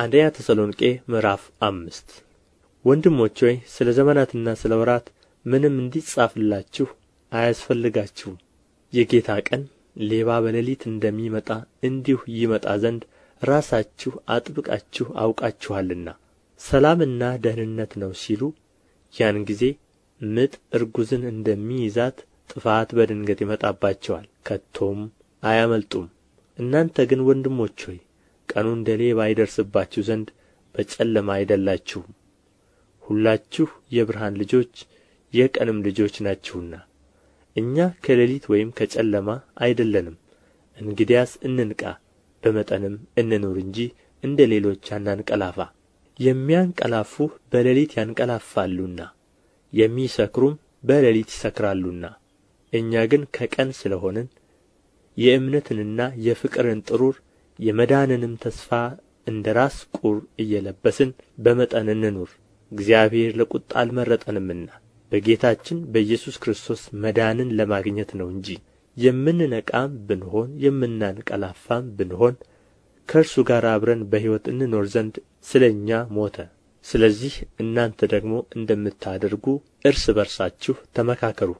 አንደኛ ተሰሎንቄ ምዕራፍ አምስት ወንድሞች ሆይ ስለ ዘመናትና ስለ ወራት ምንም እንዲጻፍላችሁ አያስፈልጋችሁም የጌታ ቀን ሌባ በሌሊት እንደሚመጣ እንዲሁ ይመጣ ዘንድ ራሳችሁ አጥብቃችሁ አውቃችኋልና ሰላምና ደህንነት ነው ሲሉ ያን ጊዜ ምጥ እርጉዝን እንደሚይዛት ጥፋት በድንገት ይመጣባቸዋል ከቶም አያመልጡም እናንተ ግን ወንድሞች ሆይ ቀኑ እንደ ሌባ ይደርስባችሁ ዘንድ በጨለማ አይደላችሁም ሁላችሁ የብርሃን ልጆች የቀንም ልጆች ናችሁና እኛ ከሌሊት ወይም ከጨለማ አይደለንም እንግዲያስ እንንቃ በመጠንም እንኑር እንጂ እንደ ሌሎች አናንቀላፋ የሚያንቀላፉ በሌሊት ያንቀላፋሉና የሚሰክሩም በሌሊት ይሰክራሉና እኛ ግን ከቀን ስለ ሆንን የእምነትንና የፍቅርን ጥሩር የመዳንንም ተስፋ እንደ ራስ ቁር እየለበስን በመጠን እንኑር እግዚአብሔር ለቁጣ አልመረጠንምና በጌታችን በኢየሱስ ክርስቶስ መዳንን ለማግኘት ነው እንጂ የምንነቃም ብንሆን የምናንቀላፋም ብንሆን ከእርሱ ጋር አብረን በሕይወት እንኖር ዘንድ ስለ እኛ ሞተ። ስለዚህ እናንተ ደግሞ እንደምታደርጉ እርስ በርሳችሁ ተመካከሩ፣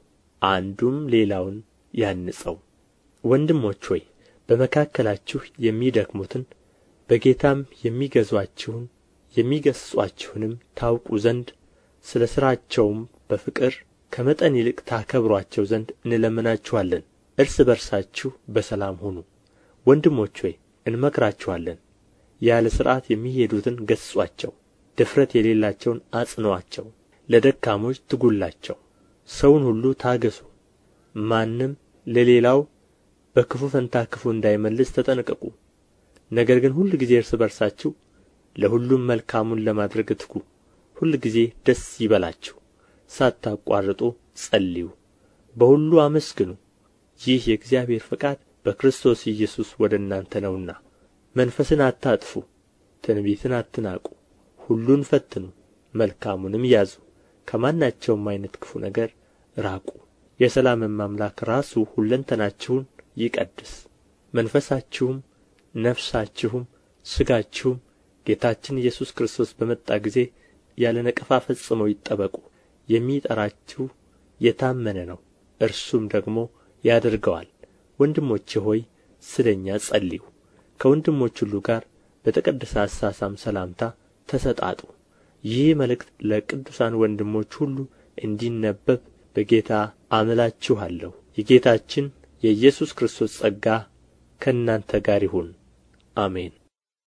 አንዱም ሌላውን ያንጸው። ወንድሞች ሆይ በመካከላችሁ የሚደክሙትን በጌታም የሚገዙአችሁን የሚገሥጹአችሁንም ታውቁ ዘንድ ስለ ሥራቸውም በፍቅር ከመጠን ይልቅ ታከብሩአቸው ዘንድ እንለምናችኋለን እርስ በርሳችሁ በሰላም ሁኑ ወንድሞች ሆይ እንመክራችኋለን ያለ ሥርዓት የሚሄዱትን ገሥጹአቸው ድፍረት የሌላቸውን አጽኑአቸው ለደካሞች ትጉላቸው ሰውን ሁሉ ታገሱ ማንም ለሌላው በክፉ ፈንታ ክፉ እንዳይመልስ ተጠንቀቁ ነገር ግን ሁልጊዜ እርስ በርሳችሁ ለሁሉም መልካሙን ለማድረግ ትጉ ሁልጊዜ ደስ ይበላችሁ ሳታቋርጡ ጸልዩ በሁሉ አመስግኑ ይህ የእግዚአብሔር ፈቃድ በክርስቶስ ኢየሱስ ወደ እናንተ ነውና መንፈስን አታጥፉ ትንቢትን አትናቁ ሁሉን ፈትኑ መልካሙንም ያዙ ከማናቸውም አይነት ክፉ ነገር ራቁ የሰላምም አምላክ ራሱ ሁለንተናችሁን ይቀድስ መንፈሳችሁም ነፍሳችሁም ሥጋችሁም ጌታችን ኢየሱስ ክርስቶስ በመጣ ጊዜ ያለ ነቀፋ ፈጽመው ይጠበቁ የሚጠራችሁ የታመነ ነው እርሱም ደግሞ ያደርገዋል ወንድሞቼ ሆይ ስለ እኛ ጸልዩ ከወንድሞች ሁሉ ጋር በተቀደሰ አሳሳም ሰላምታ ተሰጣጡ ይህ መልእክት ለቅዱሳን ወንድሞች ሁሉ እንዲነበብ በጌታ አምላችኋለሁ የጌታችን የኢየሱስ ክርስቶስ ጸጋ ከእናንተ ጋር ይሁን አሜን